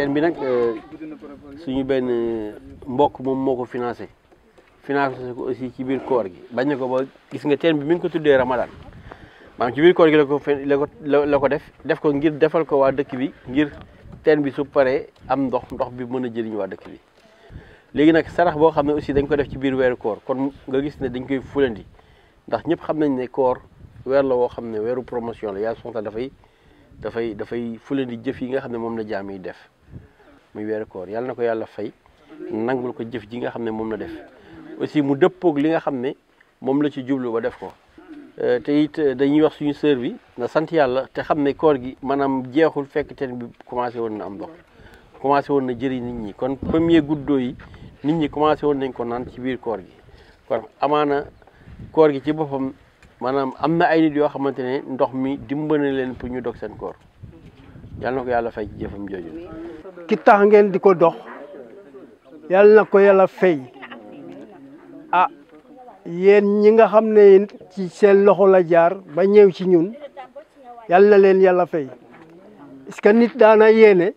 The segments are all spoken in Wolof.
ten bi nak suñu ben mbokk mom moko financer financer ko aussi ci bir koor gi bañ na ba gis nga ten bi mi ngi ko tuddé ramadan maanaam ci biir koor gi la ko la ko def def ko ngir defal ko waa dëkk bi ngir teen bi su paree am ndox ndox bi mën a jëriñ waa dëkk bi léegi nag sarax boo xam ne aussi dañ ko def ci biir weeru koor kon nga gis ne dañ koy fulandi ndax ñëpp xam nañ ne koor weer la woo xam ne weeru promotion la yàlla sonta dafay dafay dafay fulandi jëf yi nga xam ne moom la jaam def muy weeru koor na ko yàlla fay nangul ko jëf ji nga xam ne moom la def aussi mu dëppook li nga xam ne moom la ci jublu ba def ko Euh, te it euh, dañuy wax suñu sœur bi na sant yàlla te xam ne koor gi maanaam jeexul fekk teen bi commencé woon na am dox commencé woon na jëriñ nit ñi kon premier guddo yi nit ñi commencé woon nañ ko naan ci biir koor gi kon amaana koor gi ci boppam maanaam am na ay nit yoo xamante ne ndox mi dimbali leen pour ñu dog seen koor yàlla na ko yàlla fay ci jëfam jooju ki tax ah yéen ñi nga xam ne ci seen loxo la jaar ba ñëw ci ñun yàlla na leen yàlla fay parce que nit daana yéene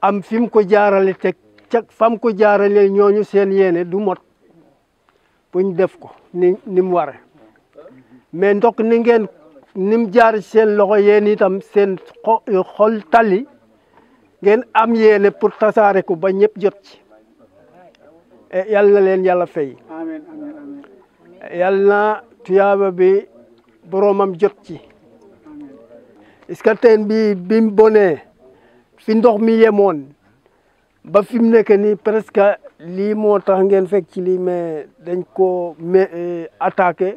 am fim mu ko jaarale teg ca fam ko jaarale ñooñu seen yéene du mot buñ def ko ni ni mu ware mais ndok ni ngeen ni jaar seen loxo yéen itam seen xol tali ngeen am yéene pour tasaare ko ba ñëpp jot ci yàlla na leen yàlla fay amiin amiin na tuyaaba bi boroomam jot ci est-ce teen bi bi mu bonee fi ndox mi yemoon ba fi mu nekk nii presque lii moo tax ngeen fekk ci lii mais dañ ko ma eh, attaqué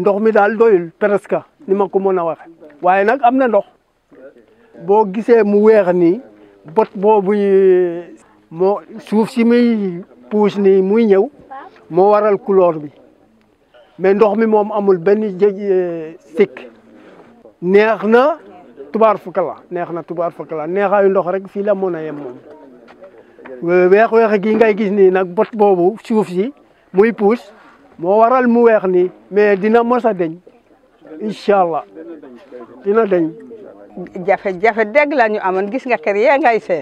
ndox mi daal doyul preska ni ma ko mën a waxe waaye nag am na ndox boo gisee mu weex ni bot boobu eh, moo suuf si muy pousse ni muy ñew mo waral couleur bi mais ndox mi mom amul beni jég euh, sik neex tubar tubaar fukk la neex na tubaar fukk la neexaayu ndox rek fi la mën a yem moom wex gi ngay gis ni nak bot bobu suuf si muy pousse mo waral mu wex ni mais dina mos deñ inshallah dina deñ jafe-jafe deg la ñu gis nga kër ye ngay sé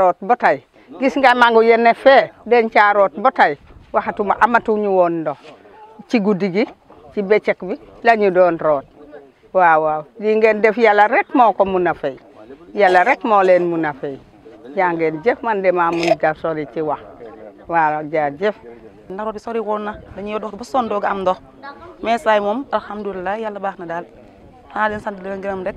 rot batay gis nga mangu yenne fee dencaaroot ba tey waxatuma amatuñu woon ndox ci guddi gi ci bëccëg bi la ñu doon root waaw waaw lii ngeen def yàlla rek moo ko mun a fay yàlla rek moo leen mun a fay yaa ngeen man de maa mun a sori ci wax waaw jaajëf. ndax root bi sori woon na dañuy dox ba sonn doog am ndox mais say moom alhamdulilah yàlla baax na daal xanaa leen sant leen gërëm rek.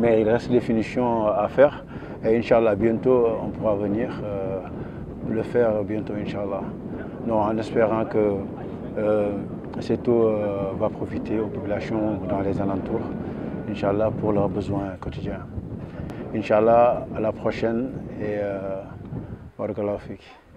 Mais il reste des finitions à faire. Et Inch'Allah, bientôt, euh, on pourra venir euh, le faire bientôt, Inch'Allah. en espérant que euh, cette eau euh, va profiter aux populations dans les alentours, Inch'Allah, pour leurs besoins quotidiens. Inch'Allah, à la prochaine et euh,